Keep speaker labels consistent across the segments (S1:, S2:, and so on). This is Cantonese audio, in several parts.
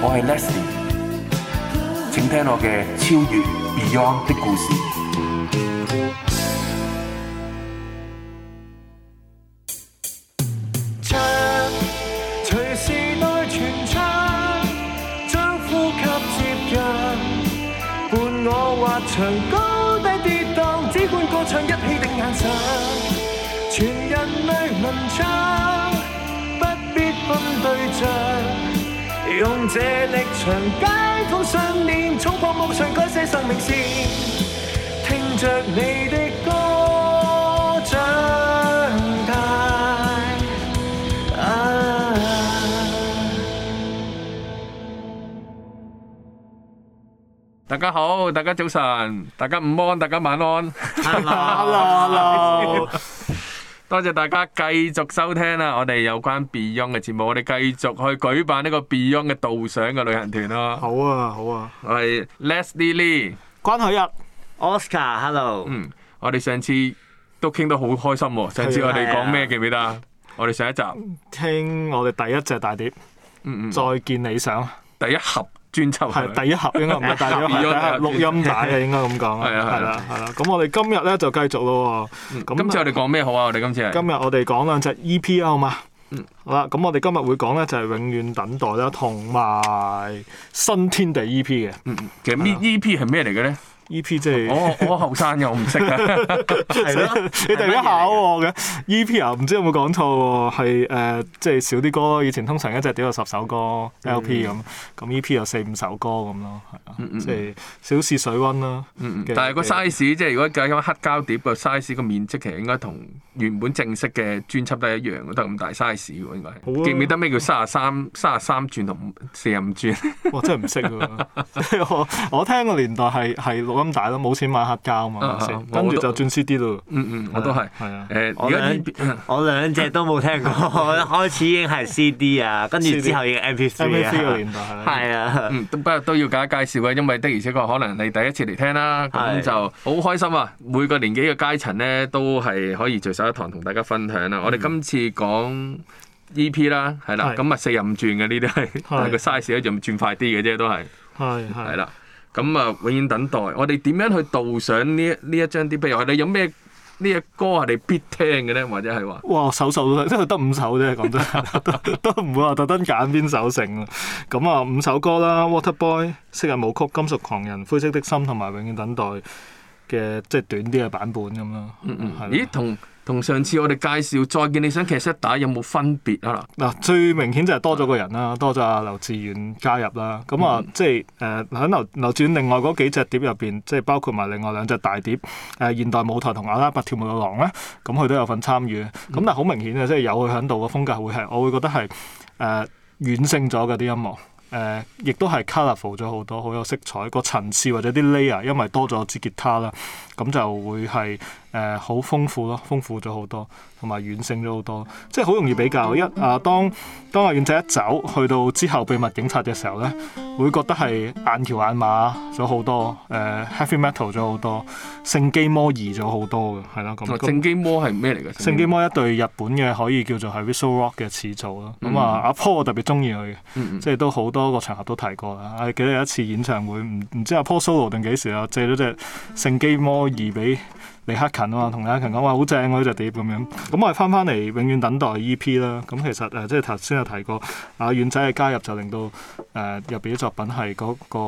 S1: 我係 Leslie，請聽我嘅超越 Beyond 的故事。
S2: 唱， 隨時代傳唱，將呼吸接近，伴我滑翔高低跌宕，只管歌唱一起定眼神。用這力場街信念，衝破夢想，改寫生命線，聽着你的歌，長大、啊、
S1: 大家好，大家早晨，大家午安，大家晚安。Hello, Hello, Hello。多謝大家繼續收聽啦，我哋有關 Beyond 嘅節目，我哋繼續去舉辦呢個 Beyond 嘅導賞嘅旅行團咯。好啊，好啊，我係 Leslie 關海日 Oscar，Hello，嗯，我哋上次都傾得好開心，上次我哋講咩記唔記得？我哋上一集
S3: 聽我哋第一隻大碟，嗯嗯，再見理想，第一盒。專輯係第， 第一盒，應該唔係第一盒錄音帶啊，應該咁講。係啦，係啦，係啦。咁我哋今日咧就繼續咯喎。咁、嗯、那今次我哋講咩好啊？我哋今次今日我哋講兩隻 EP 啊，好嘛？嗯。好啦，咁我哋今日會講咧就係《永遠等待》啦，同埋《新天地 EP》EP 嘅、嗯。其實 EP 呢 EP 係咩嚟嘅咧？E.P. 即係我我後生又唔識嘅，係咯，你突然間考我嘅 E.P. 啊，唔知有冇講錯喎？係誒，即係少啲歌咯。以前通常一隻碟有十首歌 L.P. 咁，咁 E.P. 有四五首歌咁咯，係啊，即係小試水溫啦。但係個 size
S1: 即係如果計翻黑膠碟個 size 個面積，其實應該同原本正式嘅專輯都係一樣，得咁大 size 喎。應該係記唔記得咩叫三十三三十三轉同四十五轉？
S3: 我真係唔識喎，我我聽個年代係係咁大都冇錢買黑膠啊嘛，跟住就轉 CD 咯。嗯嗯，我都係。
S4: 係啊。誒，我兩我兩隻都冇聽過。開始已經係 CD 啊，跟住之後已經 MP3 啊。MP3 年代係。係啊。不過都要介介紹嘅，因為的而且確可能你第一次
S1: 嚟聽啦，咁就好開心啊！每個年紀嘅階層咧，都係可以聚首一堂同大家分享啦。我哋今次講 EP 啦，係啦，咁啊四十五轉嘅呢啲係，但個 size 咧仲轉快啲嘅啫，都係。係係。係啦。咁啊，永遠等待。我哋點樣去導賞呢？呢一張啲，譬如話你有咩呢？隻歌係你必聽嘅咧，或者係話……
S3: 哇，首首都係，即係得五首啫。講真 都，都唔會話特登揀邊首成啊。咁啊，五首歌啦，《Water Boy》、《昔日舞曲》、《金屬狂人》、《灰色的心》同埋《永遠等待》嘅即係短啲嘅版本咁咯。嗯嗯。吧咦？同。同上
S1: 次我哋介紹再見你想騎 set 打有冇分別啊？
S3: 嗱，最明顯就係多咗個人啦，的多咗阿劉志遠加入啦。咁啊、嗯，即係誒喺劉劉志遠另外嗰幾隻碟入邊，即係包括埋另外兩隻大碟誒、呃、現代舞台同阿拉伯跳舞女郎咧，咁佢都有份參與。咁、嗯、但係好明顯啊，即、就、係、是、有佢喺度嘅風格會係，我會覺得係誒、呃、軟性咗嘅啲音樂誒，亦、呃、都係 colourful 咗好多，好有色彩、個層次或者啲 layer，因為多咗支吉他啦。咁就會係誒好豐富咯，豐富咗好多，同埋遠勝咗好多，即係好容易比較一啊，當當阿遠仔一走，去到之後秘密警察嘅時候咧，會覺得係硬橋硬馬咗好多，誒、呃哦、heavy metal 咗好多，聖機魔二咗好多嘅，係啦。咁聖機魔係咩嚟嘅？聖機魔一隊日本嘅可以叫做係 visual rock 嘅始祖咯。咁、嗯、啊阿 Paul、嗯、特別中意佢嘅，嗯嗯、即係都好多個場合都提過啦。誒記得有一次演唱會，唔唔知阿 Paul solo 定幾時啊，借咗隻聖機魔。而俾李克勤啊嘛，同李克勤講話好正啊，呢隻碟咁樣。咁我哋翻翻嚟《永遠等待》EP 啦。咁其實誒、呃，即係頭先有提過阿軟、啊、仔嘅加入，就令到誒入邊啲作品係嗰個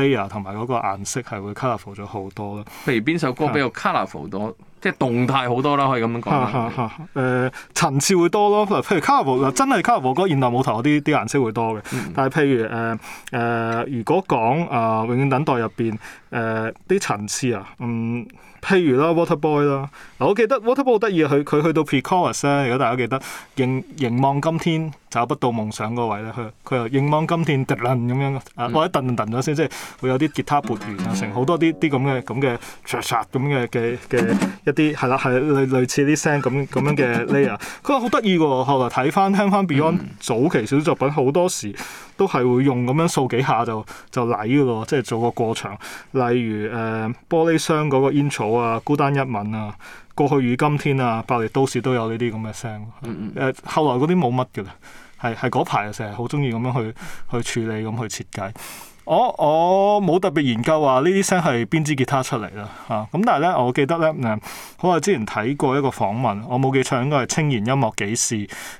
S3: layer 同埋嗰個顏色係會 colourful 咗好多咯。
S1: 譬如邊首歌比較 colourful 多？是即係動態好多啦，可以咁
S3: 樣講。誒、呃、層次會多咯。譬如 colourful 真係 colourful 歌現代舞台嗰啲啲顏色會多嘅。嗯、但係譬如誒誒、呃呃，如果講誒、呃呃《永遠等待》入邊。誒啲層次啊，嗯，譬如啦，Water Boy 啦，嗱，我記得 Water Boy 好得意啊，佢佢去到 Pre-Chorus 咧，如果大家記得，凝凝望今天找不到夢想嗰位咧，佢佢又凝望今天跌撚咁樣，或者頓頓咗先，啊、噤噤即係會有啲吉他撥弦啊，成好、嗯、多啲啲咁嘅咁嘅唰唰咁嘅嘅嘅一啲係啦係類類似啲聲咁咁樣嘅 Layer，佢話好得意喎，後來睇翻聽翻 Beyond 早期小作品好多時。都係會用咁樣掃幾下就就嚟嘅喎，即係做個過場。例如誒、呃、玻璃箱嗰個煙草啊、孤單一吻啊、過去與今天啊、暴烈都市都有呢啲咁嘅聲。誒、嗯呃、後來嗰啲冇乜嘅啦，係係嗰排成日好中意咁樣去、嗯、去處理咁去設計。我我冇特別研究話呢啲聲係邊支吉他出嚟啦嚇，咁、啊、但係咧，我記得咧，我之前睇過一個訪問，我冇記錯應該係《青年音樂紀事》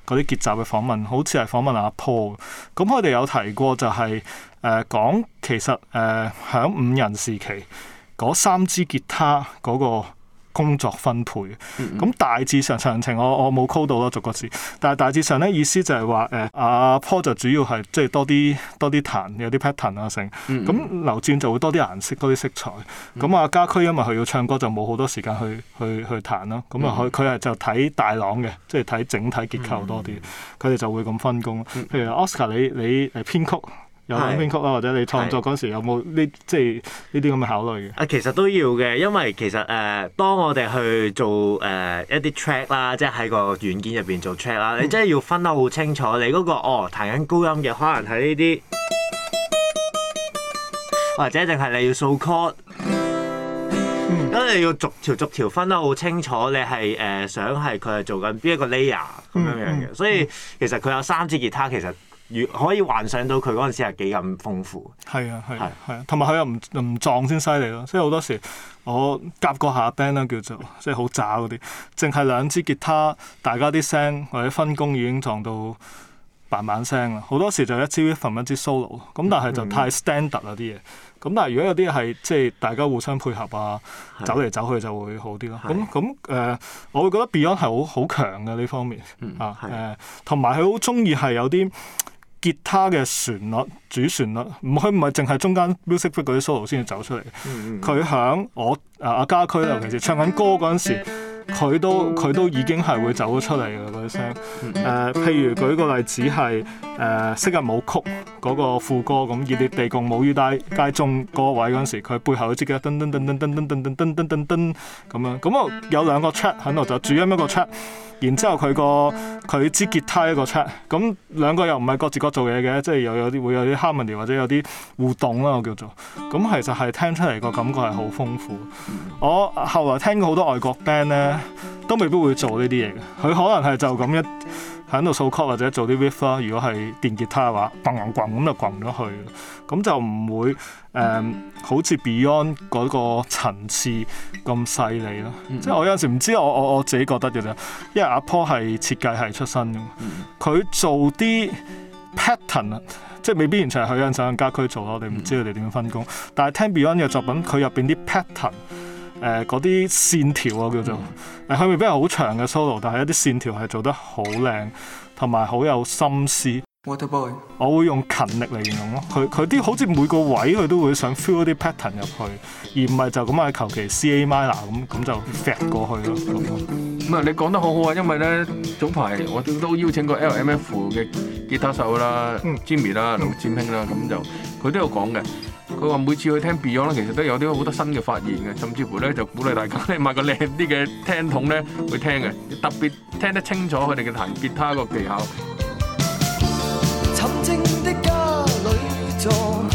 S3: 嗰啲結集嘅訪問，好似係訪問阿 Paul，咁佢哋有提過就係、是、誒、呃、講其實誒喺、呃、五人時期嗰三支吉他嗰、那個，工作分配咁大致上，詳情我我冇 call 到啦，逐個字，但係大致上咧意思就係話誒阿 Paul 就主要係即係多啲多啲彈，有啲 pattern 啊成咁。劉戰、嗯嗯、就會多啲顏色，多啲色彩咁啊。嗯嗯，家駒因為佢要唱歌，就冇好多時間去去去彈啦。咁啊，佢佢係就睇大朗嘅，即係睇整體結構多啲。佢哋、嗯嗯、就會咁分工。譬如 Oscar，你你誒編曲。有揾編曲啊，或者你創作嗰時有冇呢？即係呢啲咁嘅考慮
S4: 嘅？啊，其實都要嘅，因為其實誒、呃，當我哋去做誒、呃、一啲 track 啦，即係喺個軟件入邊做 track 啦，你真係要分得好清楚。你嗰個哦彈緊高音嘅，可能係呢啲，或者定係你要數 chord。咁你要逐條逐條分得好清楚，你係誒想係佢係做緊邊一個 layer 咁、嗯、樣樣嘅。
S3: 嗯、
S4: 所以其實佢有三支吉他，其實。如可以幻想到佢嗰陣時係幾咁豐富，
S3: 係啊係係啊，同埋佢又唔唔撞先犀利咯。所以好多時我夾過下 band 啦，叫做即係好渣嗰啲，淨係兩支吉他，大家啲聲或者分工已經撞到嘭嘭聲啦。好多時就一支一份一支 solo，咁但係就太 standard 啊啲嘢。咁但係如果有啲係即係大家互相配合啊，走嚟走去就會好啲咯。咁咁誒，我會覺得 Beyond 係好好強嘅呢方面啊誒，同埋佢好鍾意係有啲。吉他嘅旋律主旋律，唔，佢唔係淨係中間 music break 嗰啲 solo 先要走出嚟，佢響我啊阿家駒咧，尤其是唱緊歌嗰陣時，佢都佢都已經係會走咗出嚟嘅嗰啲聲。誒，譬如舉個例子係誒，昔日舞曲嗰個副歌咁，熱烈地共舞於大街中個位嗰陣時，佢背後嗰支嘅噔噔噔噔噔噔噔噔噔噔噔咁樣，咁我有兩個 track 喺度就主音一個 track。然之後佢個佢支吉他一個 check，咁兩個又唔係各自各做嘢嘅，即係又有啲會有啲 harmony 或者有啲互動啦，我叫做，咁其實係聽出嚟個感覺係好豐富。我後來聽過好多外國 band 咧，都未必會做呢啲嘢嘅，佢可能係就咁一。喺度掃曲或者做啲 riff 咯，söz, 如果係電吉他嘅話，咣咣咁就咣咗去，咁就唔會誒好似 Beyond 嗰個層次咁細膩咯。 即係我有陣時唔知我我我自己覺得嘅咧，因為阿 Paul 係設計係出身嘅，佢做啲 pattern 啊，即係未必完全係佢喺上家居做咯。我哋唔知佢哋點樣分工， 但係聽 Beyond 嘅作品，佢入邊啲 pattern。誒嗰啲線條啊叫做誒佢未必係好長嘅 solo，但係一啲線條係做得好靚，同埋好有心思。我會用勤力嚟形容咯，佢佢啲好似每個位佢都會想 feel 啲 pattern 入去，而唔係就咁啊求其 C A minor 咁咁就 fade 過去咯咁。
S1: 啊你講得好好啊，因為咧早排我都邀請過 L M F 嘅吉他手啦、嗯，Jimmy 啦、嗯，老占興啦，咁就佢都有講嘅。佢話每次去聽 Beyond 其實都有啲好多新嘅發現嘅，甚至乎咧就鼓勵大家咧買個靚啲嘅聽筒咧會聽嘅，特別聽得清楚佢哋嘅彈吉他個技巧。
S2: 沉靜的家裏坐。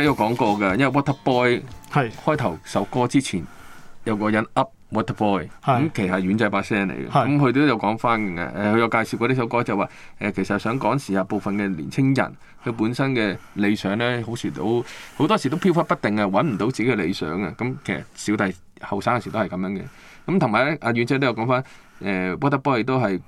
S1: 都有講過嘅，因為 Water Boy 係是開頭首歌之前有個人 Up Water Boy，咁是其實遠仔把聲嚟嘅，咁佢是都有講翻嘅。誒、呃，佢有介紹過呢首歌就，就話誒其實想講時下部分嘅年青人，佢本身嘅理想咧，好似都好多時都飄忽不定，係揾唔到自己嘅理想嘅。咁、嗯、其實小弟後生嗰陣時都係咁樣嘅。咁同埋咧，阿遠仔都有講翻，誒、呃、Water Boy 都係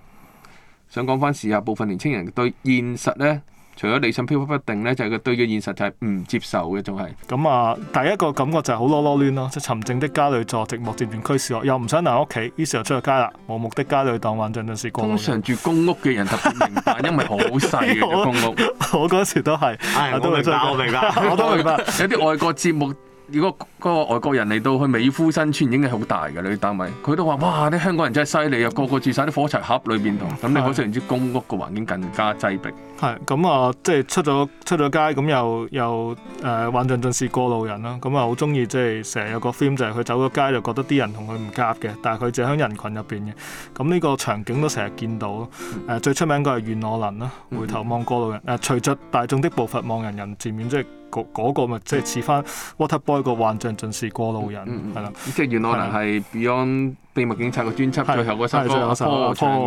S1: 想講翻時下部分年青人對現實咧。除咗理想飄忽不定咧，就係、是、佢對住現實就係唔接受嘅，仲、
S3: 就、係、是。咁啊，第一個感覺就係好囉囉攣咯，即係沉靜的家裏坐，寂寞漸漸驅使我又唔想留屋企，於是又出咗街啦，無目的家裏當玩陣陣時過。通常住公屋嘅人特別明白， 因為好細嘅公屋。我嗰時都係，我、哎、都明白，出我明白， 我都明白。 明白
S1: 有啲外國節目，如果嗰個外國人嚟到去美孚新村，已經係好大嘅你啲單位，佢都話，哇！啲香港人真係犀利啊，個個，個住晒啲火柴盒裏邊同。咁 你可想而知，公屋個環境更加擠逼。
S3: 係咁啊，即係出咗出咗街，咁又又誒幻象盡是過路人啦。咁啊，好鍾意即係成日有個 film 就係佢走咗街，就覺得啲人同佢唔夾嘅，但係佢就喺人群入邊嘅。咁呢個場景都成日見到。誒最出名個係《願我能》啦，《回頭望過路人》誒隨著大眾的步伐望人人漸遠，即係嗰個咪即係似翻《Water Boy》個幻象盡是過路人係啦。
S1: 即係《願我能》係 Beyond
S3: 秘密警察個專輯最後嗰首歌唱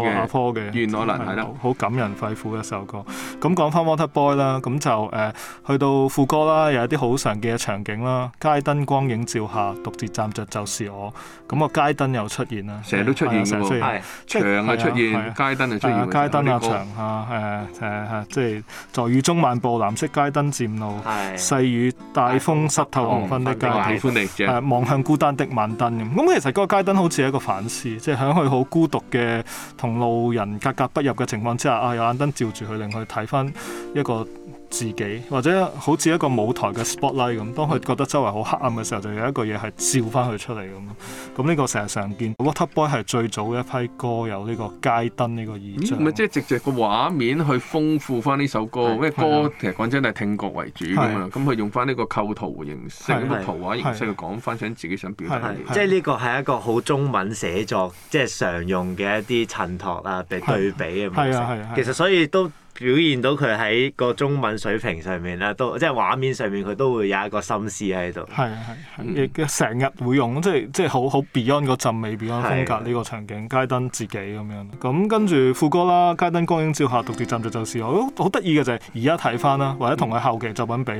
S3: 嘅，《願我能》係咯，好感人肺腑一首歌。咁講返《Water Boy》啦，咁就誒去到副歌啦，有一啲好常見嘅場景啦。街燈光影照下，獨自站着就是我。咁個街燈又出現啦，成日都出現出喎。係長啊出現，街燈啊出現，街燈啊長啊誒誒，即係在雨中漫步，藍色街燈漸露，細雨大風濕透黃昏的街，喜歡你誒望向孤單的晚燈咁。咁其實嗰個街燈好似係一個反思，即係喺佢好孤獨嘅同路人格格不入嘅情況之下，啊有燈照住佢令佢。睇翻一個自己，或者好似一個舞台嘅 spotlight 咁。當佢覺得周圍好黑暗嘅時候，就有一個嘢係照翻佢出嚟咁。咁呢個成日常見。Whatupboy 係最早一批歌有呢個街燈呢個意象，
S1: 唔係即係直接個畫面去豐富翻呢首歌。因為歌其實講真係聽覺為主㗎嘛。咁佢用翻呢個構
S4: 圖形式、幅圖畫形式去
S1: 講翻想自己想表達，即
S4: 係呢個係一個好中文寫作、即係常用嘅一啲襯托啊、對比嘅模式，其實所以都。表現到佢喺個中文水平上面啦，都即係畫面上面佢都會有一個心思喺度。
S3: 係啊係，亦成日會用，即係即係好好 Beyond 嗰陣味，Beyond 風格呢個場景，街燈自己咁樣。咁、嗯、跟住副歌啦，街燈光影照下，獨自浸着就時，我覺得好得意嘅就係而家睇翻啦，或者同佢後期作品比，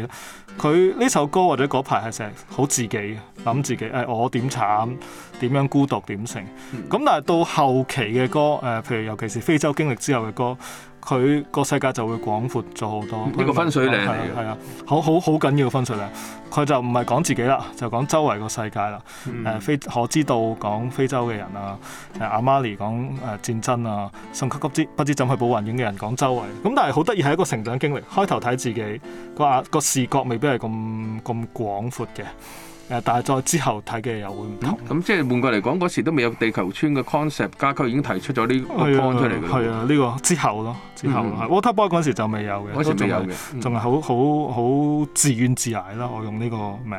S3: 佢呢首歌或者嗰排係成日好自己諗自己，誒、哎、我點慘，點樣孤獨，點成。咁但係到後期嘅歌，誒譬如尤其是非洲經歷之後嘅歌。佢個世界就會廣闊咗好多。呢個分水嶺，係啊，好好好緊要嘅分水嶺。佢就唔係講自己啦，就講周圍個世界啦。誒、嗯呃、非可知道講非洲嘅人啊，啊阿媽尼講誒、呃、戰爭啊，送急急之不知怎去補雲縣嘅人講周圍。咁、嗯、但係好得意係一個成長經歷。開頭睇自己個個視角未必係咁咁廣闊嘅。誒，但係再之後睇嘅又會唔同、
S1: 嗯。咁即係換過嚟講，嗰時都未有地球村嘅 concept，家家已經提出咗呢個 concept 出嚟嘅。係啊，
S3: 呢、這個之後咯，之後。嗯、Waterboy 嗰時就未有嘅，嗰時仲有嘅，仲係好好好自怨自艾啦。我用呢個名。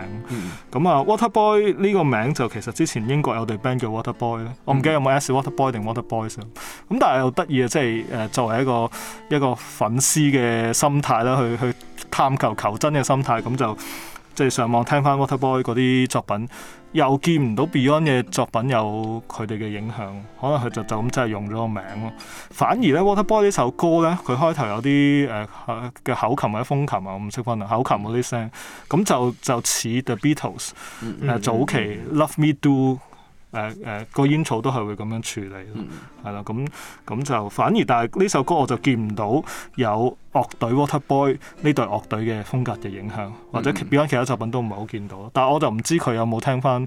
S3: 咁、嗯、啊，Waterboy 呢個名就其實之前英國有隊 band 叫 Waterboy 咧，我唔記得有冇 s Waterboy 定 Waterboys，咁，但係又得意啊，即係誒作為一個一個粉絲嘅心態啦，去去探求求真嘅心態，咁就。即係上網聽翻 Water Boy 嗰啲作品，又見唔到 Beyond 嘅作品有佢哋嘅影響，可能佢就就咁真係用咗個名咯。反而咧，Water Boy 呢首歌咧，佢開頭有啲誒嘅口琴或者風琴啊，我唔識分啊，口琴嗰啲聲，咁就就似 The Beatles 誒、mm
S5: hmm. 呃、早期
S3: Love Me Do。誒誒個煙草都係會咁樣處理，係啦、uh, uh, mm，咁咁就反而，但係呢首歌我就見唔到有樂隊 Water Boy 呢隊樂隊嘅風格嘅影響，或者表翻其他作品都唔係好見到，但係我就唔知佢有冇聽翻。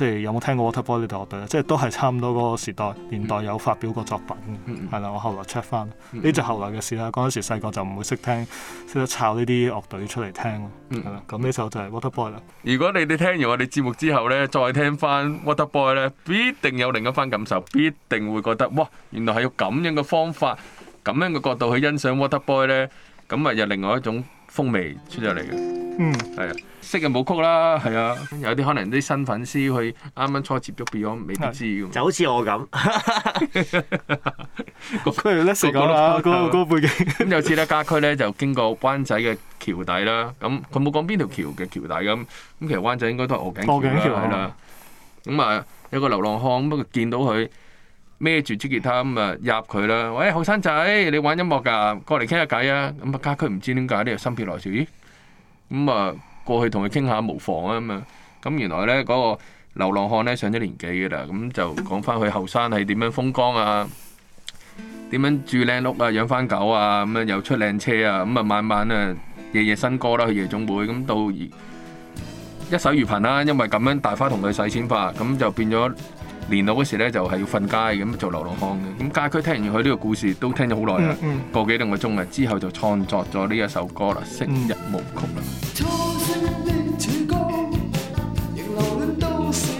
S3: 即係有冇聽過 Water Boy 呢隊樂隊咧？即係都係差唔多嗰個時代年代有發表過作品嘅，係啦、嗯嗯。我後來 check 翻呢就後來嘅事啦。嗰陣時細個就唔會識聽，識得抄呢啲樂隊出嚟聽咯，係啦、嗯。咁呢首就係 Water Boy 啦。
S1: 如果你哋聽完我哋節目之後咧，再聽翻 Water Boy 咧，必定有另一番感受，必定會覺得哇，原來係有咁樣嘅方法、咁樣嘅角度去欣賞 Water Boy 咧，咁咪又另外一種風味出咗嚟嘅，嗯，係啊，識嘅冇曲啦，係啊，有啲可能啲新粉絲去啱啱初接觸，Beyond 未必知，咁就好似我咁，咁佢 l e t 啦，嗰 個、啊、個背景咁、嗯、有次咧，家區咧就經過灣仔嘅橋底啦，咁佢冇講邊條橋嘅橋底咁咁、嗯，其實灣仔應該都係鵝頸橋，橋啦，啦、嗯，咁啊有個流浪漢，不、嗯、過見到佢。孭住支吉他咁啊，入佢啦！喂，後生仔，你玩音樂噶？過嚟傾下偈啊！咁啊，家駒唔知點解呢？又心血來潮，咦？咁啊，過去同佢傾下無妨啊！咁啊，咁原來咧嗰個流浪漢咧上咗年紀噶啦，咁就講翻佢後生係點樣風光啊？點樣住靚屋啊？養翻狗啊？咁樣又出靚車啊？咁啊，晚晚啊，夜夜新歌啦，去夜總會咁到，而一手如鈅啦！因為咁樣大花同佢使錢法，咁就變咗。年老嗰時咧，就係要瞓街咁做流浪漢嘅。咁街區聽完佢呢個故事，都聽咗好耐啦，個、mm hmm. 幾兩個鐘啊。之後就創作咗呢一首歌啦，mm《生、hmm. 日無曲》啦、
S2: 嗯。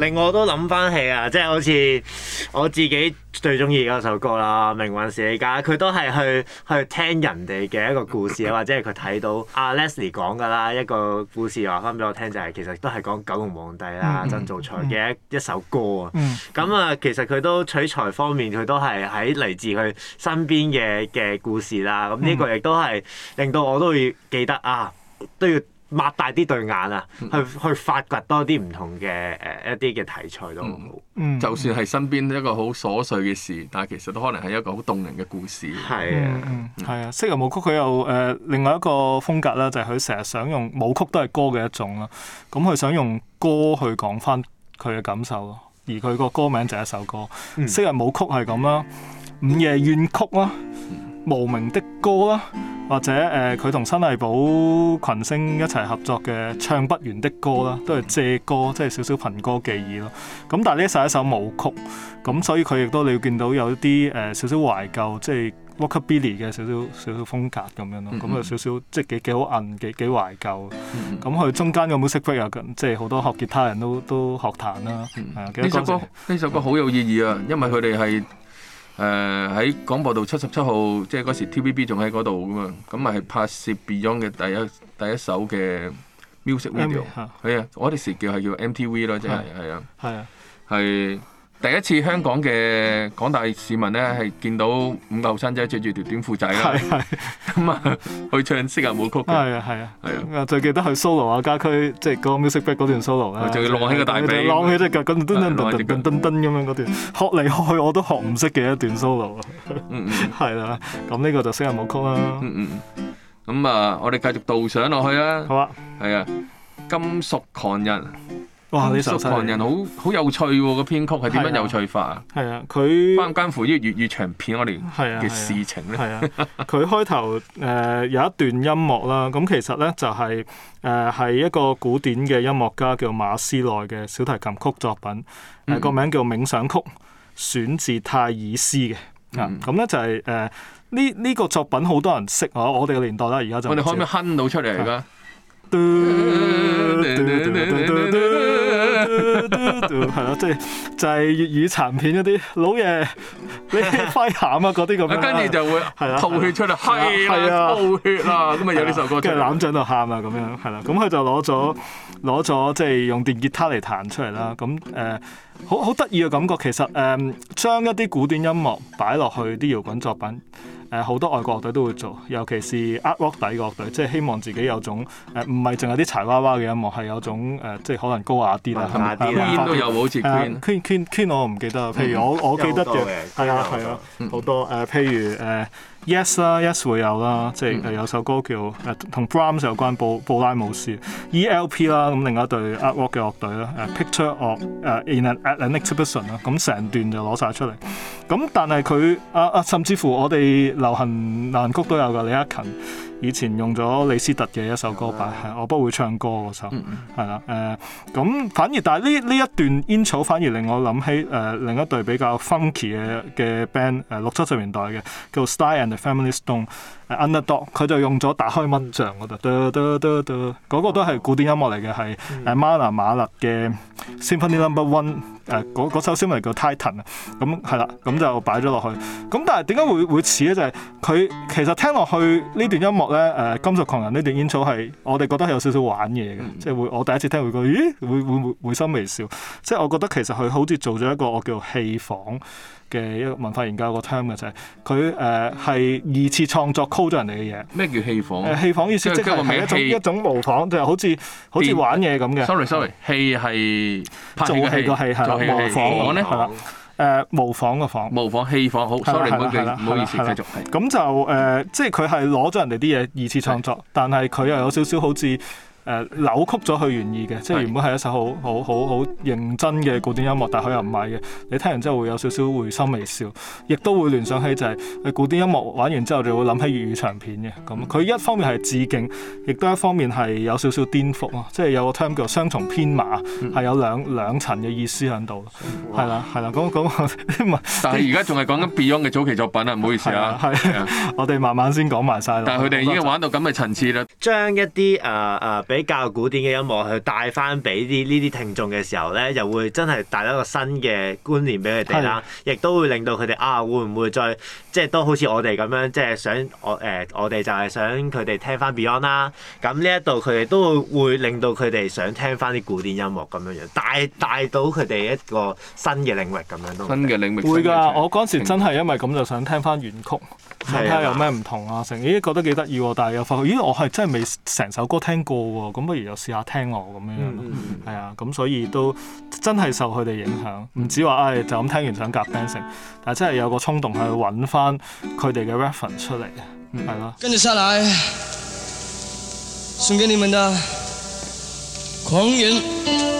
S4: 令我都諗翻起啊，即係好似我自己最中意嗰首歌啦，《命運是你家》，佢都係去去聽人哋嘅一個故事或者係佢睇到阿、啊、Leslie 講噶啦一個故事話翻俾我聽，就係、是、其實都係講九龍皇帝啦、曾灶財嘅一一首歌啊。咁啊、mm hmm.，其實佢都取材方面，佢都係喺嚟自佢身邊嘅嘅故事啦。咁呢個亦都係令到我都會記得啊，都要。擘大啲對眼啊，去去發掘多啲唔同嘅誒、呃、一啲嘅題材都好、嗯，就算係身邊一個好瑣碎嘅事，但係
S1: 其實都可能係一個好動人嘅故事。係
S3: 啊，係、嗯、啊，色《昔日舞曲》佢又誒另外一個風格啦，就係佢成日想用舞曲都係歌嘅一種啦，咁佢想用歌去講翻佢嘅感受咯，而佢個歌名就係一首歌，嗯《昔日舞曲》係咁啦，嗯《午夜怨曲》咯。無名的歌啦，或者誒佢同新藝寶群星一齊合作嘅唱不完的歌啦，都係借歌，即係少少憑歌寄意咯。咁但係呢首係一首舞曲，咁所以佢亦都你會見到有啲誒少少懷舊，即係 Rockabilly 嘅少少少少風格咁樣咯。咁有少少即係幾幾好韻，幾幾懷舊。咁佢中間有冇 seguite 啊？即係好多學吉他人都都學彈啦。呢首歌
S1: 呢首歌好有意義啊，因為佢哋係。誒喺、呃、廣播道七十七號，即係嗰時 TVB 仲喺嗰度噶嘛，咁咪係拍攝 Beyond 嘅第一第一首嘅 music video，係 M 啊，我哋時叫係叫 MTV 咯，即係係啊，係係、啊。第一次香港嘅廣大市民咧，係見到五個後生仔著住條短褲仔啦，咁啊去唱《昔日
S3: 舞曲》嘅，係啊係啊係啊！最記得係 solo 啊，家駒即係個 music break 嗰段 solo 啊，仲要攞起個大髀，攞起隻腳，咁噔噔噔噔噔噔咁樣嗰段，學嚟學去我都學唔識嘅一段 solo 啊，嗯嗯，係啦，咁呢個就昔日舞曲啦，嗯嗯，
S1: 咁啊，我哋繼續導賞落去啊，好啊，係啊，金屬狂人。
S3: 哇！你熟悉《盲人》好
S1: 好有趣個編曲，係點樣有趣法啊？係啊，佢關乎啲粵語長片，我哋嘅事情咧。係啊，
S3: 佢開頭誒有一段音樂啦。咁其實咧就係誒係一個古典嘅音樂家叫馬斯奈嘅小提琴曲作品，個名叫冥想曲，選自泰爾斯嘅。咁咧就係誒呢呢個作品好多人識，我我哋個年代啦，而家就我哋可唔可以哼到出
S5: 嚟
S3: 㗎？係咯，即係就係粵語殘片嗰啲，老爺你揮砍啊，嗰啲咁，跟住就會係啦，吐血出嚟，係啊，吐血啦，咁咪有呢首歌即係攬住就喊啊，咁樣係啦，咁佢就攞咗。攞咗即係用電吉他嚟彈出嚟啦，咁、嗯、誒、嗯嗯、好好得意嘅感覺。其實誒將、嗯、一啲古典音樂擺落去啲搖滾作品，誒、嗯、好多外國樂隊都會做，尤其是 art rock 底嘅樂隊，即、就、係、是、希望自己有種誒唔係淨係啲柴娃娃嘅音樂，係有種誒、嗯、即係可能高雅啲啦。高雅啲啦，都有、嗯啊、有好似 Queen、Queen、Queen、Queen 我唔記得啦。譬如我我記得嘅，係啊係啊，好、啊、多誒、嗯啊，譬如誒。啊 Yes 啦，Yes 會、mm hmm. 有啦，即係有首歌叫誒同、uh, Brahms 有關布布拉姆斯，E.L.P 啦，咁、啊、另一隊 Art Rock 嘅樂隊啦誒、uh, Picture of 誒 In an Exhibition 啦、啊。咁成段就攞晒出嚟，咁但係佢啊啊，甚至乎我哋流行流行曲都有㗎李克勤。以前用咗李斯特嘅一首歌吧，係、uh, 我不會唱歌嗰首，係啦、mm，誒、hmm. 咁、呃、反而，但係呢呢一段煙草反而令我諗起誒、呃、另一隊比較 funky 嘅嘅 band，誒、呃、六七十年代嘅叫 Sly and the Family Stone，Underdog，、呃、佢就用咗打開蚊帳嗰度，嗰、那個都係古典音樂嚟嘅，係係阿馬拿馬勒嘅 Symphony Number One。Mm hmm. uh, 誒嗰、呃、首先咪叫 Titan 啊，咁係啦，咁就擺咗落去。咁但係點解會會似咧？就係、是、佢其實聽落去呢段音樂咧，誒、呃《金屬狂人》呢段 intro 係我哋覺得有少少玩嘢嘅，嗯、即係會我第一次聽會覺得咦會會會，會心微笑，即係我覺得其實佢好似做咗一個我叫戲仿」。嘅一個文化研究個 term 嘅就係佢誒係二次創作 copy 咗人哋嘅嘢。
S1: 咩叫戲仿？誒戲仿意思即係係一種一
S3: 種模仿，就係好似好似玩嘢咁嘅。
S1: Sorry，sorry，戲係做戲個戲係模仿，模仿啦誒
S3: 模仿個仿，
S1: 模仿戲仿。好，sorry 唔好意思，唔好意思，繼續係。
S3: 咁就誒，即係佢係攞咗人哋啲嘢二次創作，但係佢又有少少好似。扭曲咗佢原意嘅，即係原本係一首好好好好認真嘅古典音樂，但佢又唔係嘅。你聽完之後會有少少會心微笑，亦都會聯想起就係、是、古典音樂玩完之後就會諗起粵語長片嘅。咁佢一方面係致敬，亦都一方面係有少少顛覆咯。即係有個 term 叫雙重編碼，係、嗯、有兩兩層嘅意思喺度。係啦哇，係啦。咁咁 但係而家仲係
S1: 講緊 Beyond
S4: 嘅早期作品啊，唔好意思啊。係的
S3: 我哋慢慢先講埋曬。但係佢哋已經
S4: 玩到咁嘅層次啦。 將一啲啊啊～uh, uh, 比較古典嘅音樂去帶翻俾啲呢啲聽眾嘅時候咧，又會真係帶一個新嘅觀念俾佢哋啦，亦的都會令到佢哋啊，會唔會再即係都好似我哋咁樣，即係想我誒、呃、我哋就係想佢哋聽翻 Beyond 啦。咁呢一度佢哋都會令到佢哋想聽翻啲古典音樂咁樣樣，帶帶到佢哋一個新嘅領域咁樣都。新嘅領域。會㗎的，我嗰陣
S3: 時真係因為咁就想聽翻原曲，睇下的有咩唔同啊。成咦覺得幾得意，但係又發覺咦我係真係未成首歌聽過喎、啊。咁不如又試下聽我咁樣咯，係啊、mm，咁、hmm. 所以都真係受佢哋影響，唔止話唉、哎、就咁聽完想夾 band 但係真係有個衝動去揾翻佢哋嘅 reference 出嚟，係咯。
S2: 跟住下來送給你們的
S1: 狂野。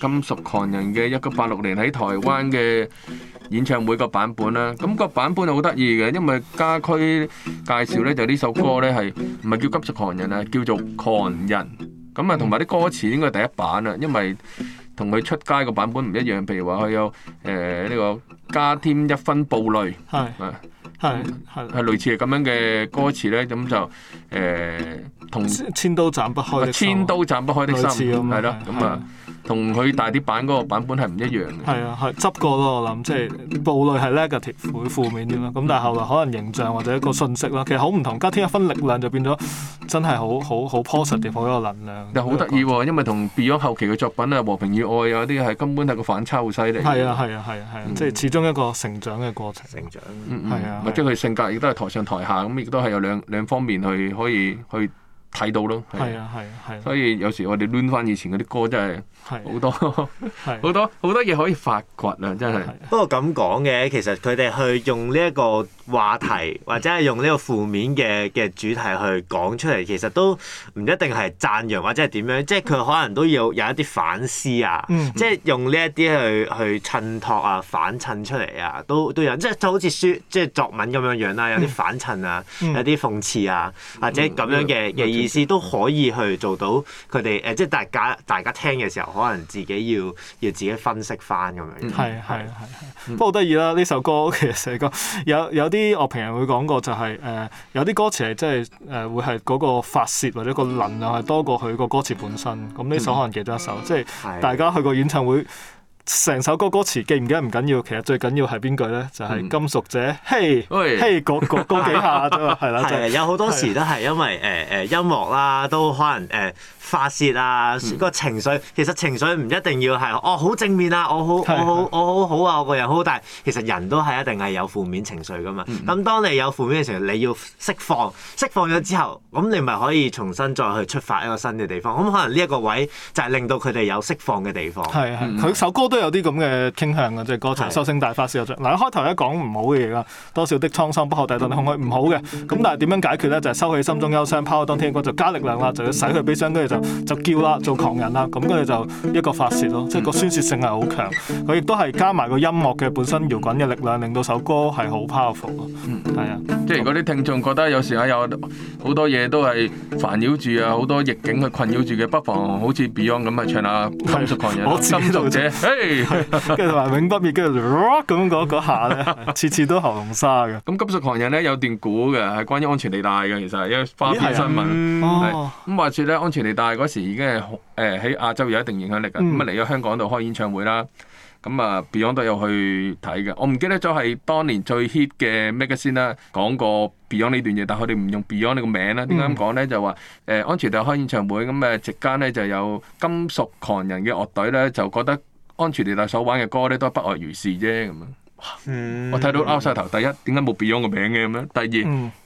S1: 《金屬狂人》嘅一九八六年喺台灣嘅演唱會個版本啦，咁個版本就好得意嘅，因為家駒介紹咧就呢首歌咧係唔係叫《金屬狂人》啊，叫做《狂人》。咁啊，同埋啲歌詞應該係第一版啊，因為同佢出街個版本唔一樣。譬如話佢有誒呢個加添一分暴戾，係係係類似係咁樣嘅歌詞咧，咁就誒同千刀斬不開千刀斬不開的心，係咯，咁啊。同佢大啲版嗰個版本係唔一樣
S3: 嘅。係啊，係執過咯，我諗即係部類係 negative，會負面啲咯。咁但係後來可能形象或者一個信息啦，其實好唔同，加添一分力量就變咗真係好好好 positive，好有能量。但係好得意喎，因為同 Beyond 後期嘅作品啊，
S1: 《和平與愛》有啲係根本係個反差好犀利。係啊，係啊，係啊，
S3: 即係始
S1: 終一個成長嘅過程。成長，係啊，或者佢性格亦都係台上台下咁，亦都係有兩兩方面去可以去睇到咯。係啊，係啊，所以有時我哋攣翻以前嗰啲歌真係～係好多，好的多好的多嘢可以發掘啊！真係。
S4: 的不過咁講嘅，其實佢哋去用呢一個話題，的或者係用呢個負面嘅嘅主題去講出嚟，其實都唔一定係讚揚或者係點樣，即係佢可能都要有一啲反思啊，嗯、即係用呢一啲去去襯托啊、反襯出嚟啊，都都有，即係就好似書即係作文咁樣樣啦、啊，有啲反襯啊，嗯、有啲諷刺啊，或者咁樣嘅嘅意思都可以去做到佢哋誒，即係大家大家聽嘅時候。可能自己要要自己分析翻咁樣，係係係，
S3: 不過好得意啦，呢首歌其實細個有有啲我平日會講過、就是，就係誒有啲歌詞係真係誒會係嗰個發泄或者個能量係多過佢個歌詞本身。咁呢首可能記得一首，嗯、即係大家去過演唱會。成首歌歌詞記唔記得唔緊要，其實最緊要係邊句咧？就係、是、金屬者，
S4: 嘿、嗯、Hey, Hey, 嘿，嗰嗰嗰幾下啫係啦。係 有好多時都係因為誒誒、欸、音樂啦、啊，都可能誒發泄啊個、嗯、情緒，其實情緒唔一定要係哦好正面啊，我好的我好我好好啊，我個人好。但係其實人都係一定係有負面情緒噶嘛。咁、嗯、當你有負面嘅時候你要釋放，釋放咗之後，咁你咪可以重新再去出發一個新嘅地方。咁可能呢一個位就係令到佢哋有釋放嘅地方。係啊，係啊，佢首歌都。 有啲咁嘅傾向嘅，即係歌詞《收聲大發洩》先嗱的，開一開頭一講唔
S3: 好嘅嘢啦，多少的滄桑不可替代的空虛，唔好嘅。咁但係點樣解決咧？就係、是、收起心中憂傷，拋開當天光，歌就加力量啦，就要洗去悲傷。跟住就就叫啦，做狂人啦。咁跟住就一個發泄咯， 即係個宣泄性係好強。佢亦都係加埋個音樂嘅本身搖滾嘅力量，令到首歌係好 powerful。嗯，係啊，
S1: 即係如果啲聽眾覺得有時候有好多嘢都係煩擾住啊，好 多逆境去困擾住嘅，不妨好似 Beyond 咁啊，唱下《金屬狂人》《金屬者》。
S3: 跟住話永不滅，跟住咁嗰嗰下咧，次次都喉嚨
S1: 沙嘅。咁金屬狂人咧有段古嘅，係關於安全地帶嘅，其實係一花邊新聞。咁話說咧，安全地帶嗰時已經係誒喺亞洲有一定影響力嘅。咁啊嚟咗香港度開演唱會啦。咁啊 Beyond 都有去睇嘅。我唔記得咗係當年最 hit 嘅咩嘅先啦，講過 Beyond 呢段嘢，但係佢哋唔用 Beyond 呢個名啦。點解咁講咧？就話誒安全地帶開演唱會，咁誒席間咧就有金屬狂人嘅樂隊咧，就覺得。安全地帶所玩嘅歌咧，都係不外如是啫咁樣。嗯、我睇到 out 晒頭，第一點解冇 Beyond 個名嘅咁樣，第二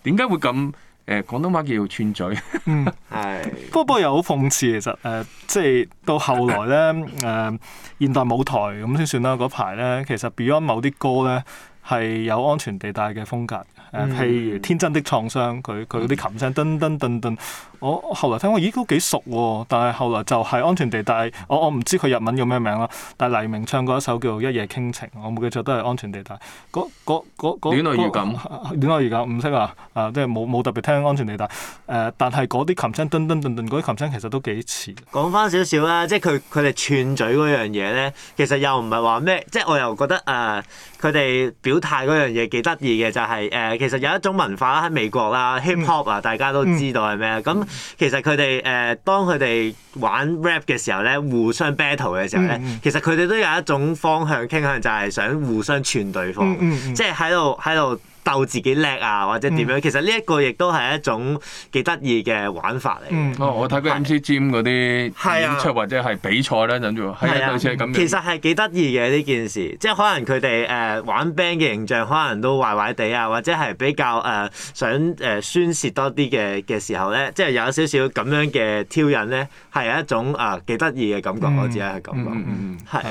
S1: 點解、嗯、會咁誒、呃、廣東話叫串嘴。
S3: 嗯， 哎、不過不過又好諷刺，其實誒、呃，即係到後來咧誒、呃，現代舞台咁先算啦。嗰排咧，其實 Beyond 某啲歌咧係有安全地帶嘅風格，譬如《天真的創傷》，佢佢啲琴聲噔噔噔噔噔，我後來聽我咦都幾熟喎、啊，但係後來就係安全地帶，我我唔知佢日文叫咩名啦。但係黎明唱過一首叫《一夜傾情》，我冇記錯都係安全地帶。嗰嗰嗰嗰戀愛預感，戀愛預感，唔識啊，即係冇冇特別聽安全地帶。誒、啊，但係嗰啲琴聲噔噔噔噔噔，嗰啲琴聲其實都幾似。
S4: 講翻少少啦，即係佢佢哋串嘴嗰樣嘢咧，其實又唔係話咩，即係我又覺得誒，佢、呃、哋表態嗰樣嘢幾得意嘅，就係、是、誒。呃其實有一種文化啦喺美國啦，hip hop 啊、嗯，大家都知道係咩？咁、嗯、其實佢哋誒當佢哋玩 rap 嘅時候咧，互相 battle 嘅時候咧，嗯嗯、其實佢哋都有一種方向傾向，就係想互相串對方，嗯嗯嗯、即係喺度喺度。鬥自己叻啊，或者點樣？其實呢一個亦都係一種幾得意嘅玩法嚟。哦，我睇過 MC Jin 嗰啲演出或者係比賽啦，等住
S1: 喎，係啊，好似係咁。其實
S4: 係幾得意嘅呢件事，即係可能佢哋誒玩 band 嘅形象可能都壞壞哋啊，或者係比較誒想誒宣洩多啲嘅嘅時候咧，即係有少少咁樣嘅挑釁咧，係有一種啊幾得意嘅感覺。我覺得係感咯。嗯係。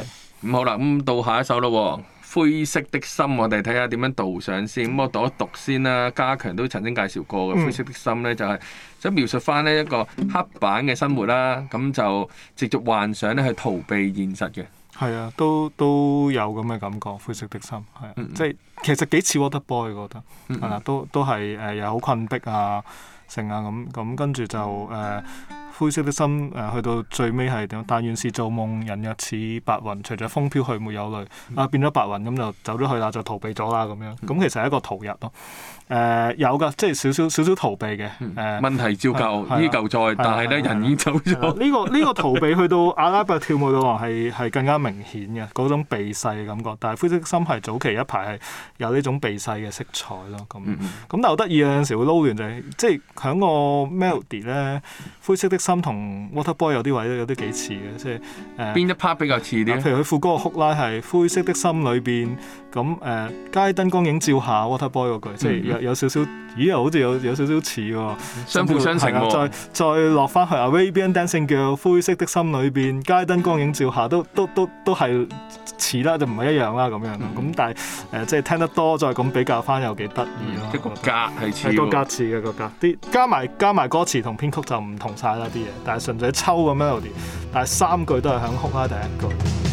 S4: 咁好啦，咁到下一首咯。灰色的心，我哋睇下點樣
S1: 導上先。咁我讀一讀先啦。加強都曾經介紹過嘅灰色的心咧，就係想描述翻呢一個黑板嘅生活啦。咁就藉著幻想咧去逃避現實嘅。
S3: 係啊，都都有咁嘅感覺。灰色的心係，啊嗯、即係其實幾似《Wonder Boy》覺得係啦、嗯啊，都都係誒又好困迫啊，成啊咁咁跟住就誒。呃灰色的心，誒、呃、去到最尾係點樣？但願是做夢，人若似白雲，隨着風飄去，沒有淚。啊，變咗白雲，咁就走咗去啦，就逃避咗啦，咁樣。咁其實係一個逃逸咯、啊。誒有㗎，即係少少少少逃避嘅。誒問題照舊，依舊
S1: 在，但係咧人已經走咗。
S3: 呢個呢個逃避去到阿拉伯跳舞嘅話，係係更加明顯嘅嗰種避世嘅感覺。但係灰色心係早期一排係有呢種避世嘅色彩咯。咁咁但係好得意嘅有時會撈亂就係，即係響個 melody 咧，灰色的心同 Water Boy 有啲位有啲幾似嘅，即係邊一 part
S1: 比較似啲？譬
S3: 如佢副歌個曲啦係灰色的心裏邊，咁誒街燈光影照下 Water Boy 嗰句，即係。有，有少少，咦？又好似有有少少似喎，相輔相成啊、嗯，再再落翻去啊，《Raby and Dancing Girl》灰色的心裏邊，街燈光影照下，都都都都係似啦，就唔係一樣啦咁樣。咁、嗯、但係誒、呃，即係聽得多，再咁比較翻，又幾、嗯、得意咯。一個格係似，一個格似嘅個格。啲加埋加埋歌詞同編曲就唔同晒啦啲嘢，但係純粹抽嘅 melody，但係三句都係響哭啦第一句。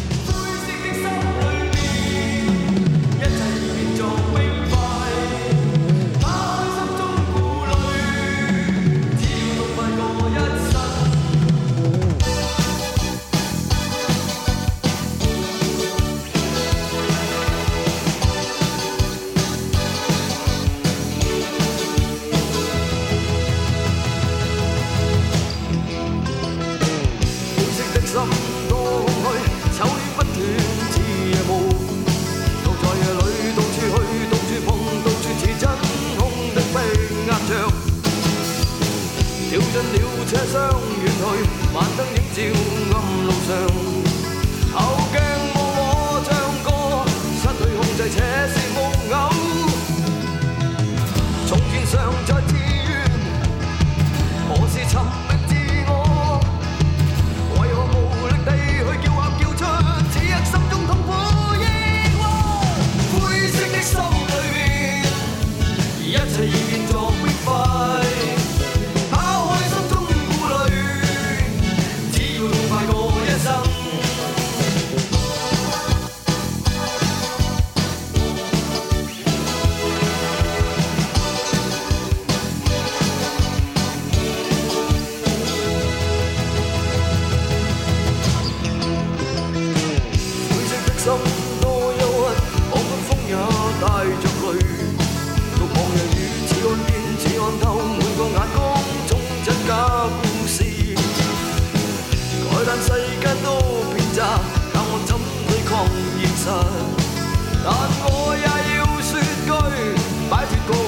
S2: 但我也要說句擺脫過。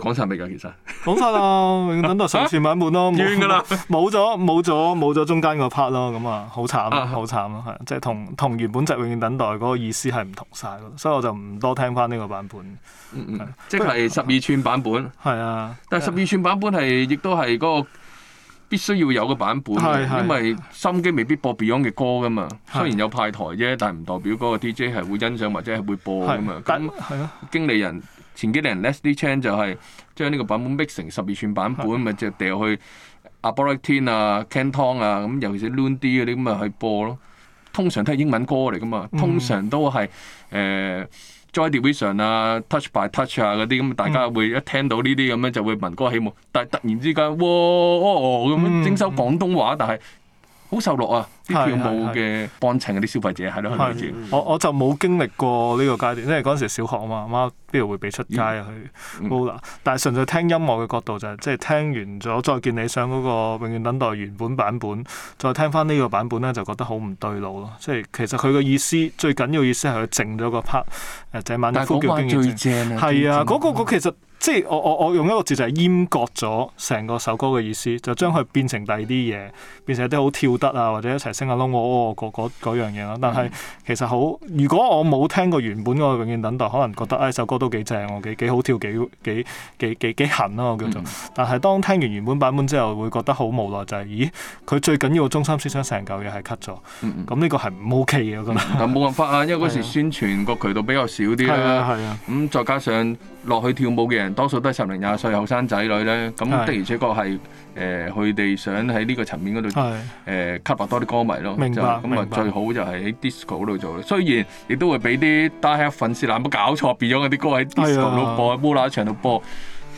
S3: 講晒未㗎？其實講晒啦，永遠等待十二寸、啊、版本咯，完㗎啦，冇咗冇咗冇咗中間個 part 咯，咁啊好慘，好慘啊！係即係同同原本集永遠等待嗰個意思係唔同晒，咯，所以我就唔多聽翻呢個版本。
S1: 嗯嗯，即係十二寸版本。係如啊，但係十二寸版本係亦都係嗰個必須要有嘅版本，是是是因為收音機未必播 Beyond 嘅歌㗎嘛。雖然有派台啫，但係唔代表嗰個 DJ 係會欣賞或者係會播㗎嘛。咁係那啊，經理人。前幾年 Leslie Chan 就係將呢個版本 mix 成十二寸版本，咪就掉去阿 Bolake 天啊、Canton 啊，咁尤其是 Lundy 嗰啲咁咪去播咯。通常都係英文歌嚟噶嘛，通常都係誒 Joy Division 啊、Touch by Touch 啊嗰啲咁，大家會一聽到呢啲咁樣就會聞歌起舞，但係突然之間，哇
S3: 咁樣徵收廣東話，但係。好受落啊！啲跳舞嘅
S1: 幫襯啲消費者係咯，
S3: 我我就冇經歷過呢個階段，因為嗰陣時小學啊嘛，阿媽邊度會俾出街去 roller 但係純粹聽音樂嘅角度就係、是，即係聽完咗《再見理想》嗰個永遠等待原本版本，再聽翻呢個版本咧，就覺得好唔對路咯。即係其實佢嘅意思最緊要意思係佢靜咗個 part 誒，這晚夫叫經驗啊！係啊，其實的。的即係我我我用一個字就係閹割咗成個首歌嘅意思，就將佢變成第二啲嘢，變成一啲好跳得啊或者一齊升下窿嗰嗰嗰樣嘢啦。但係其實好，如果我冇聽過原本嗰《永遠等待》，可能覺得誒首歌都幾正喎，幾好跳，幾幾幾幾幾痕啦，我叫做。但係當聽完原本版本之後，會覺得好無奈就係，咦？佢最緊要中心思想成嚿嘢係 cut 咗，咁呢個係唔 OK 嘅我覺得冇
S1: 辦法啊，因為嗰時宣傳個渠道比較少啲係啊，係啊。咁再加上落去跳舞嘅人。多數都係十零廿歲後生仔女咧，咁的而且確係誒，佢哋的、呃、想喺呢個層面嗰度誒吸納多啲歌迷咯。明白，咁啊，最好就係喺 disco 嗰度做。雖然亦都會俾啲 die-hard 粉絲，但係冇搞錯，變咗我啲歌喺 disco 度播，
S3: 喺摩拉場度播。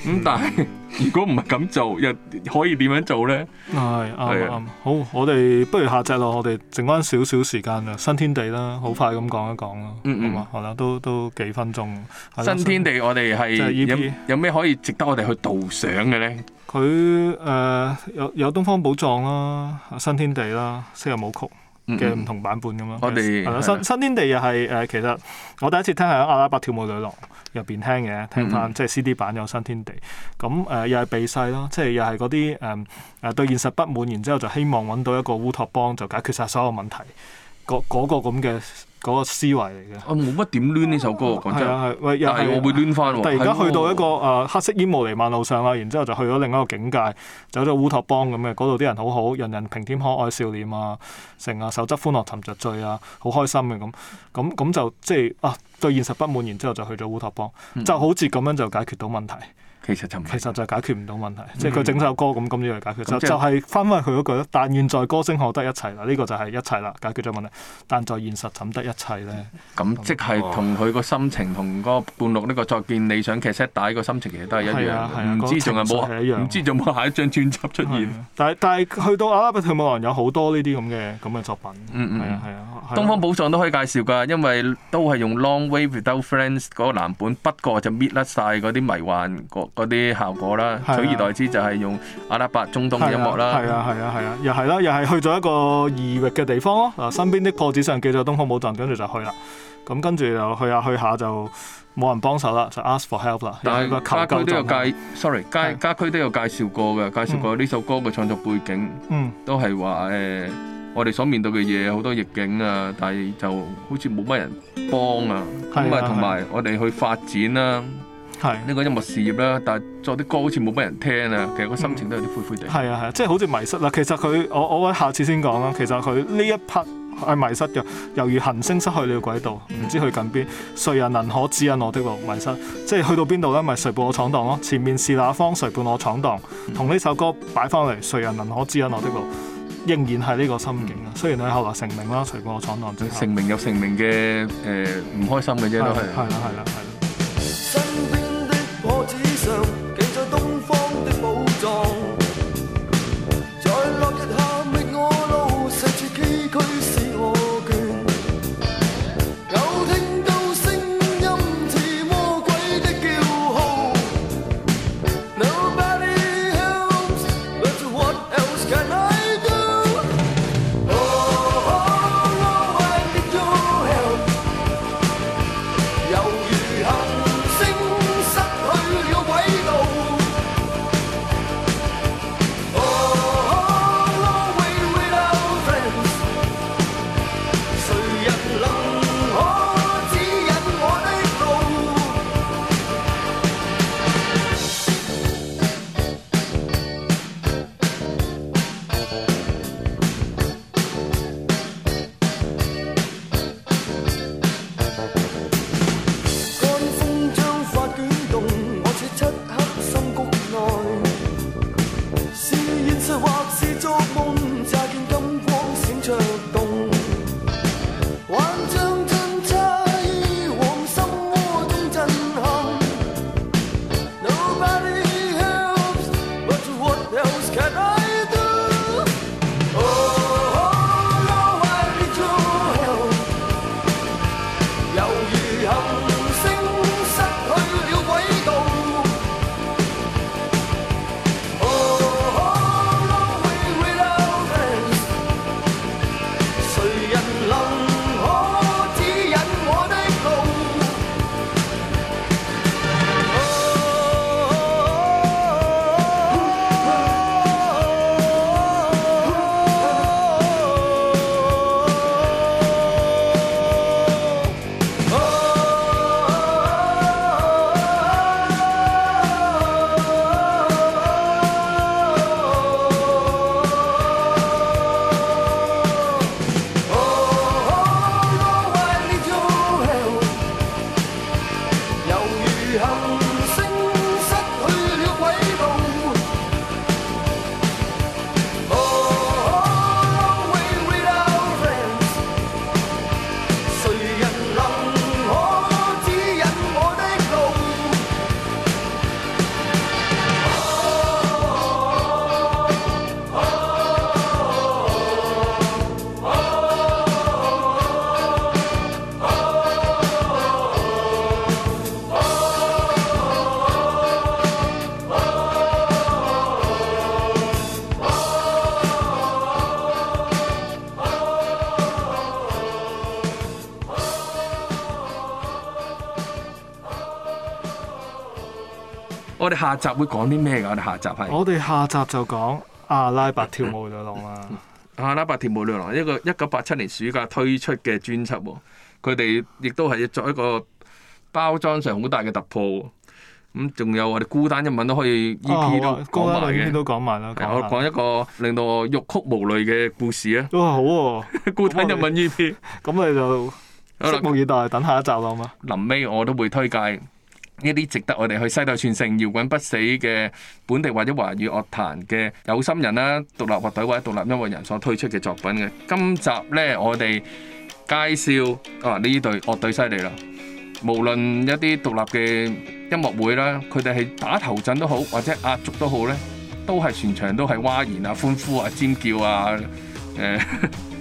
S3: 咁、嗯、但係如果唔係咁做，又可以點樣做咧？係啱啱好，我哋不如下集咯，我哋剩翻少少時間啦。新天地啦，好快咁講一講咯。嗯嗯，好啦，都都幾分鐘。新天地
S1: 我哋係有咩可以值得我哋去導賞嘅咧？
S3: 佢誒、呃、有有東方寶藏啦，新天地啦，昔日舞曲。嘅唔 同版本咁咯，我咯新 新天地又係誒、呃，其實我第一次聽係喺阿拉伯跳舞女郎入邊聽嘅，聽翻即係 CD 版有新天地，咁誒、呃、又係避世咯，即係又係嗰啲誒誒對現實不滿，然之後就希望揾到一個烏托邦就解決晒所有問題，嗰個嗰個咁嘅。嗰個思維嚟嘅，我冇乜點攣呢首歌，講真係啊，啊啊但係我會攣翻喎。而家去到一個誒、啊呃、黑色煙霧彌漫路上啦，然之後就去咗另一個境界，走咗烏托邦咁嘅。嗰度啲人好好，人人平添可愛笑臉啊，成啊受則歡樂沉着醉啊，好開心嘅咁。咁咁就即係啊對現實不滿，然之後就去咗烏托邦，就好似咁樣就解決到問題。嗯其實就其實就解決唔到問題，即係佢整首歌咁咁樣嚟解決就就係翻翻佢嗰句但願在歌聲獲得一切啦，呢個就係一切啦，解決咗問題。但在現實怎得一切咧。
S1: 咁即係同佢個心情同嗰個半錄呢個再見理想劇 set 帶個心情其實都係一樣。唔知仲有冇唔知仲有冇下一張專輯出現。
S3: 但係但係去到《阿拉伯跳舞女郎》有好多呢啲咁嘅咁嘅作品。嗯嗯，係啊係啊，
S1: 東方寶藏都可以介紹㗎，因為都係用《Long Way Without Friends》嗰個藍本，不過就搣甩晒嗰啲迷幻嗰啲效果啦，取而代之就係用阿拉伯、中東嘅音樂啦。係啊，係啊，係
S3: 啊，又係啦，又係去咗一個異域嘅地方咯。嗱，身邊啲破紙上記咗東方舞陣，跟住就去啦。咁跟住就去下，去下就冇人幫手啦，就 ask for help 啦。但係家區都有介
S1: ，sorry，家家區都有介紹過嘅，介紹過呢首歌嘅創作背景。都係話誒，我哋所面對嘅嘢好多逆境啊，但係就好似冇乜人幫啊。咁啊，同埋我哋去發展啦。
S3: 係呢個音樂事業啦，但係作啲歌好似冇乜人聽啊，其實個心情都有啲灰灰地。係啊係，即係、就是、好似迷失啦。其實佢我我下次先講啦。其實佢呢一 part 係迷失嘅，猶如行星失去你嘅軌道，唔知去近邊。誰人能可指引我的路？迷失，即係去到邊度咧？咪、就是、誰伴我闖蕩咯？前面是哪方？誰伴我闖蕩？同呢首歌擺翻嚟，誰人能可指引我的路？仍然係呢個心境啊。雖然你後來成名啦，誰伴我闖蕩真成
S1: 名有成名嘅誒唔開心嘅啫都係。係啦係啦係。
S2: 紙上記載東方的寶藏，在落日下覓我路，石階崎嶇。
S1: 下集會講啲咩㗎？我哋下集係
S3: 我哋下集就講阿拉伯跳舞女郎啦，阿、嗯
S1: 嗯啊、拉伯跳舞女郎一個一九八七年暑假推出嘅專輯喎，佢哋亦都係作一個包裝上好大嘅突破。咁、嗯、仲有我哋孤單一吻都可以 EP、啊啊、都講埋嘅，都
S3: 講埋啦。我講一
S1: 個令到我欲哭無淚嘅故事啊，都好喎、啊， 孤單一吻 EP，咁你就拭目以待，啊、等下一集啦嘛。臨尾我都會推介。一啲值得我哋去世代傳承、搖滾不死嘅本地或者華語樂壇嘅有心人啦、獨立樂隊或者獨立音樂人所推出嘅作品嘅。今集呢，我哋介紹啊，呢隊樂隊犀利啦！無論一啲獨立嘅音樂會啦，佢哋係打頭陣都好，或者壓軸都好呢，都係全場都係嘩然啊、歡呼啊、尖叫啊、誒，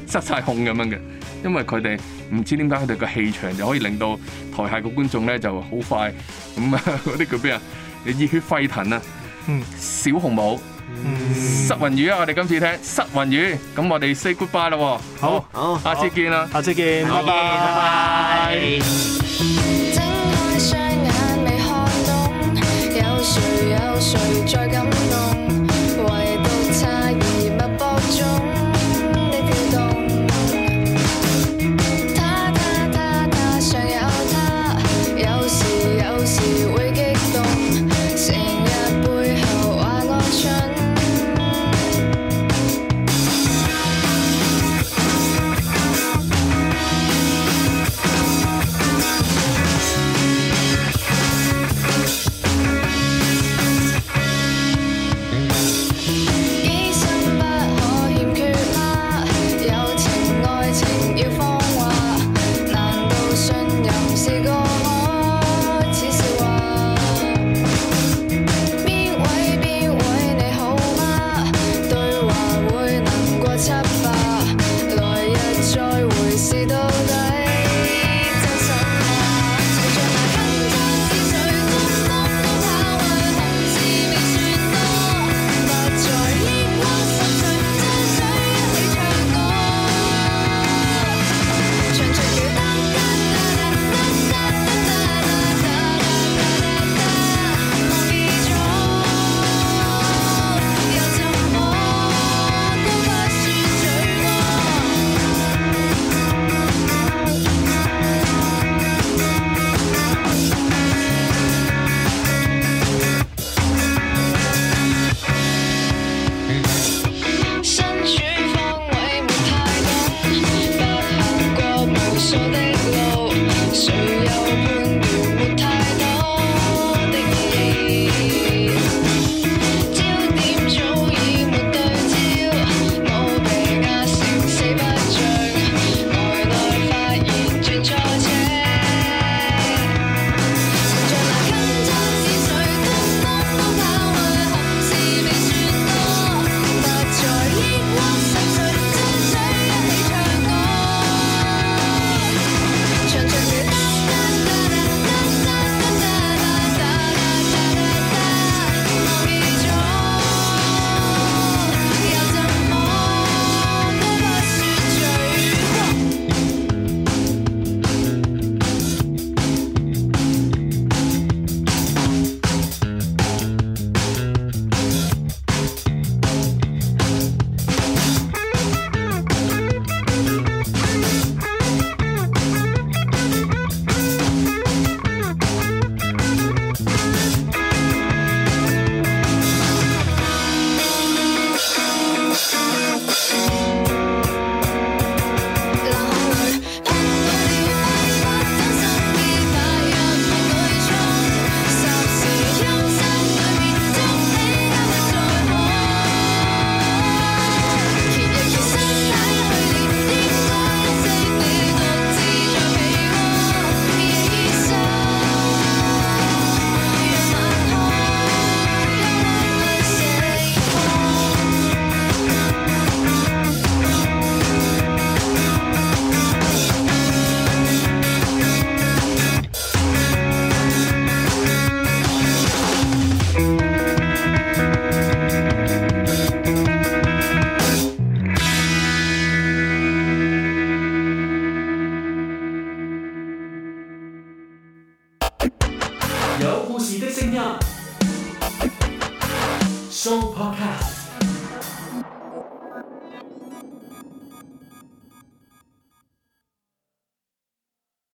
S1: 失晒控咁樣嘅。因為佢哋唔知點解佢哋個氣場就可以令到台下個觀眾咧就好快咁啊，嗰啲叫咩啊？你熱血沸騰啊！嗯，小紅帽，嗯，失魂魚啊！我哋今次聽失魂魚，咁我哋 say goodbye 啦！好，好，下次見啦！下次見，拜拜。